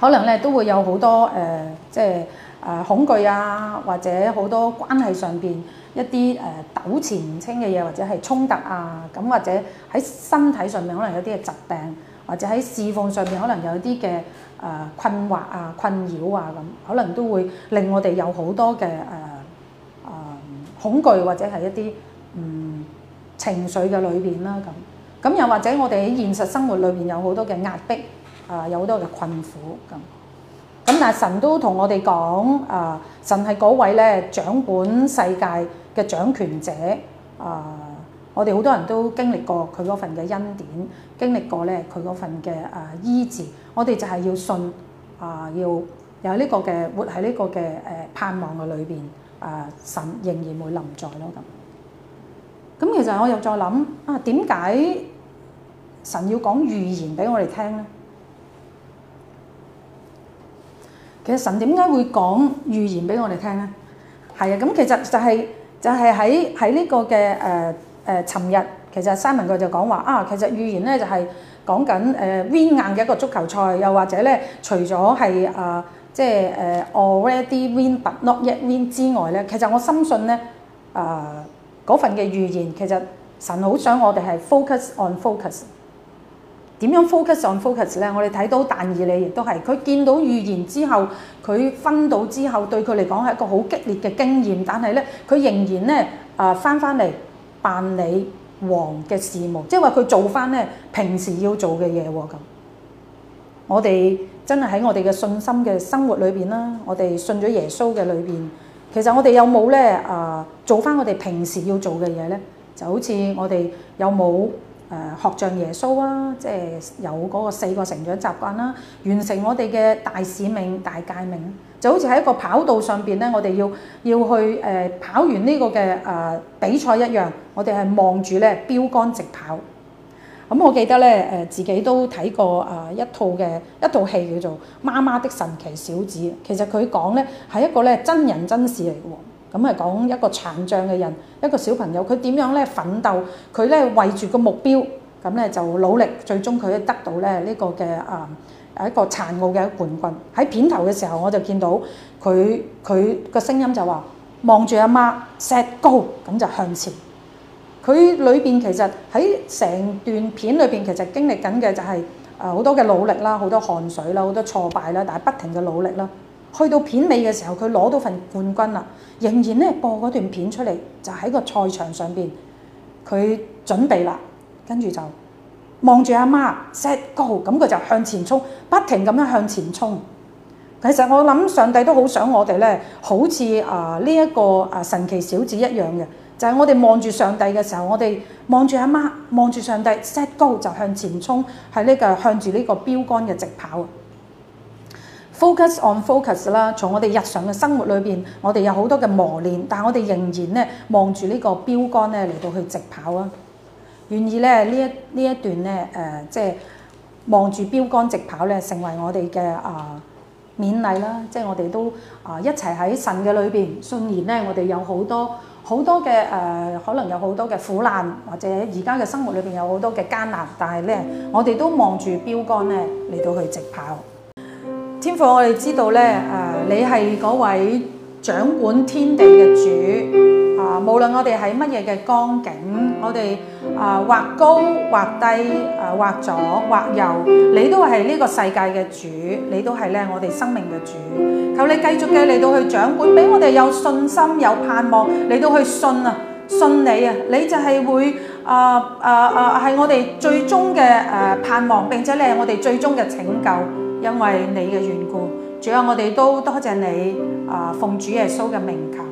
可能咧都會有好多誒，即係誒恐懼啊，或者好多關係上邊，一啲誒糾纏唔清嘅嘢，或者係衝突啊，咁或者喺身體上面可能有啲嘅疾病，或者喺侍奉上面可能又有啲嘅誒困惑啊、困擾啊咁，可能都會令我哋有好多嘅誒誒恐懼，或者係一啲嗯情緒嘅裏邊啦咁。咁又或者我哋喺現實生活裏邊有好多嘅壓迫啊，有好多嘅困苦咁。咁但係神都同我哋講啊，神係嗰位咧掌管世界嘅掌權者啊，我哋好多人都經歷過佢嗰份嘅恩典，經歷過咧佢嗰份嘅啊醫治，我哋就係要信啊，要有呢個嘅活喺呢個嘅誒盼望嘅裏邊啊，神仍然會臨在咯咁。咁其實我又再諗啊，點解神要講預言俾我哋聽咧？其實神點解會講預言俾我哋聽咧？係啊，咁其實就係。就係喺喺呢個嘅誒誒，尋、呃呃、日其實 Simon 佢就講話啊，其實預言咧就係、是、講緊誒 win 硬嘅一個足球賽，又或者咧除咗係啊，即係誒 already win but not yet win 之外咧，其實我深信咧啊嗰份嘅預言，其實神好想我哋係 focus on focus。點樣 focus on focus 咧？我哋睇到但以理亦都係佢見到預言之後，佢分到之後，對佢嚟講係一個好激烈嘅經驗。但係咧，佢仍然咧啊，翻翻嚟辦理王嘅事務，即係話佢做翻咧平時要做嘅嘢喎。咁我哋真係喺我哋嘅信心嘅生活裏邊啦，我哋信咗耶穌嘅裏邊，其實我哋有冇咧啊做翻我哋平時要做嘅嘢咧？就好似我哋有冇？誒學像耶穌啊，即係有嗰個四個成長習慣啦，完成我哋嘅大使命、大誡命，就好似喺一個跑道上邊咧，我哋要要去誒、呃、跑完呢個嘅誒、呃、比賽一樣，我哋係望住咧標杆直跑。咁、嗯、我記得咧誒、呃、自己都睇過誒一套嘅一套戲叫做《媽媽的神奇小子》，其實佢講咧係一個咧真人真事嘅故咁係講一個殘障嘅人，一個小朋友，佢點樣咧奮鬥？佢咧為住個目標，咁咧就努力，最終佢得到咧呢、這個嘅啊、呃，一個殘奧嘅冠軍。喺片頭嘅時候，我就見到佢佢個聲音就話望住阿媽，石高咁就向前。佢裏邊其實喺成段片裏邊，其實經歷緊嘅就係啊好多嘅努力啦，好多汗水啦，好多挫敗啦，但係不停嘅努力啦。去到片尾嘅時候，佢攞到份冠軍啦，仍然咧播嗰段片出嚟，就喺個賽場上邊，佢準備啦，跟住就望住阿媽 set go，咁佢就向前衝，不停咁樣向前衝。其實我諗上帝都好想我哋咧，好似啊呢一個啊神奇小子一樣嘅，就係我哋望住上帝嘅時候，我哋望住阿媽，望住上帝 set go 就向前衝，喺呢個向住呢個標杆嘅直跑。Focus on focus 啦，從我哋日常嘅生活裏邊，我哋有好多嘅磨練，但係我哋仍然咧望住呢個標杆咧嚟到去直跑啊！願意咧呢一呢一段咧誒、呃，即係望住標杆直跑咧，成為我哋嘅啊勉勵啦！即係我哋都啊、呃、一齊喺神嘅裏邊，雖然咧我哋有好多好多嘅誒、呃，可能有好多嘅苦難，或者而家嘅生活裏邊有好多嘅艱難，但係咧我哋都望住標杆咧嚟到去直跑。天父，我哋知道咧，誒、呃，你係嗰位掌管天地嘅主，啊、呃，無論我哋喺乜嘢嘅光景，我哋啊、呃、畫高畫低啊、呃、畫左畫右，你都係呢個世界嘅主，你都係咧我哋生命嘅主。求你繼續嘅嚟到去掌管，俾我哋有信心、有盼望，嚟到去信啊，信你啊，你就係會、呃呃、啊啊啊係我哋最終嘅誒盼望，並且你係我哋最終嘅拯救。因為你嘅緣故，最後我哋都多謝你啊、呃！奉主耶穌嘅名求。